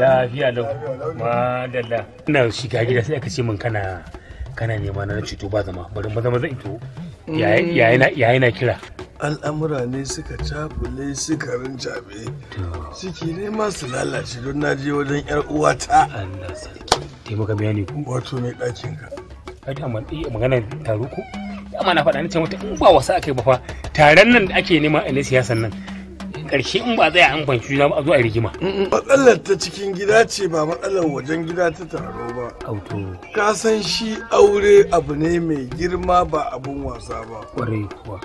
lafiya lau madalla ina shiga gida sai aka ce min kana kana nema na cuto ba zama bari maza maza ito yayi na kira al'amura ne suka cafule suka rinjabe suke nema su lalace don na je wajen yar uwata Allah sarki taimaka bayani ku wato mai ɗakin ka ai da magana taro ko dama na faɗa ni ce mata in ba wasa akai ba fa taron nan da ake nema a ne siyasan nan karshe in ba zai an kwanci juna ba a zo a rigima matsalar ta cikin gida ce ba matsalar wajen gida ta taro ba auto ka san shi aure abu ne mai girma ba abun wasa ba kwarai kuwa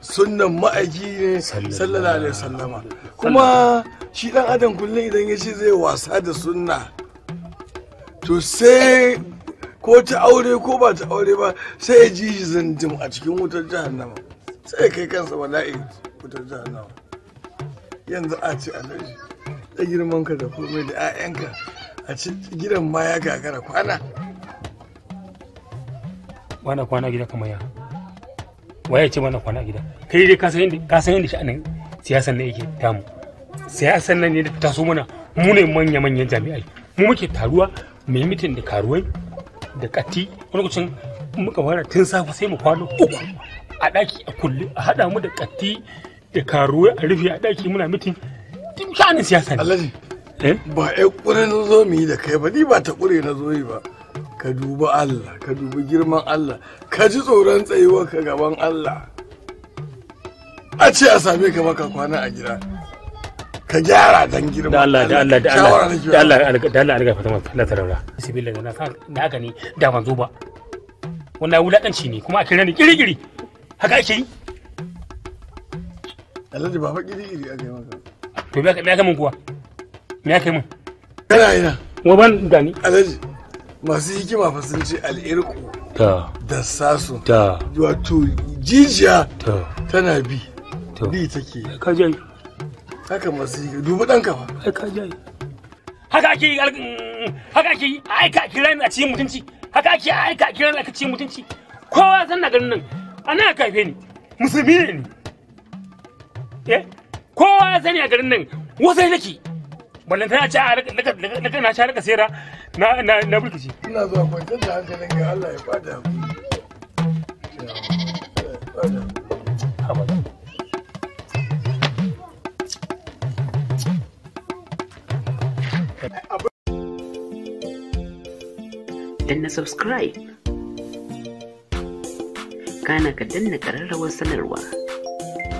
sunnan ma'aiki ne sallala alaihi sallama kuma shi dan adam kullum idan ya ce zai wasa da sunna to sai ko ta aure ko ba ta aure ba sai ya ji shi zindim a cikin wutar jahannama sai kai kansa bala'i wutar jahannama yanzu a ce alaji da girmanka da komai da 'ya'yanka a ci gidan ma ya gagara kwana wana kwana gida kamar ya waye ce mana kwana gida kai dai ka san yadda ka san yadda sha'anin siyasan ne yake damu siyasan nan ne da taso mana mu ne manya manyan jami'ai mu muke taruwa mai mitin da karuwai da katti wani kucin muka fara tun safe sai mu kwana uku a daki a kulle a haɗa mu da katti da karuwa a rufe a daki muna mitin tun sha'anin siyasa ne alhaji eh? ba ai kure na zo mu da kai ba ni ba ta kure na zo ba ka duba Allah ka dubi girman Allah ka ji tsoron tsayuwar ka gaban Allah a ce a same ka maka kwana a gida ka gyara dan girma da Allah da Allah da Allah da Allah da Allah da Allah, da Allah da Allah, na Allah, da da ne da ban zo ba kuma a kira ni kirigiri haka ake yi alhaji ba faƙi iri a kai maka to me ya kai min kuwa me ya kai min kana ina wa ban gani alhaji masu hikima fa sun ce al'irku da sasu wato jijiya tana bi bi take ka je haka masu hikima dubi ɗan kafa. ai ka je haka ake yi haka ake yi aika kira ni a cikin mutunci haka ake aika kira ni a cikin mutunci kowa zan na ganin nan ana kafe ni musulmi ne ni Eh? kowa ya sani a garin nan wasai nake wannan tana ci na kana sha rika sera na na na burkici ina zuwa kwantar da hankalin ga Allah ya bada danna subscribe kana ka danna kararrawar sanarwa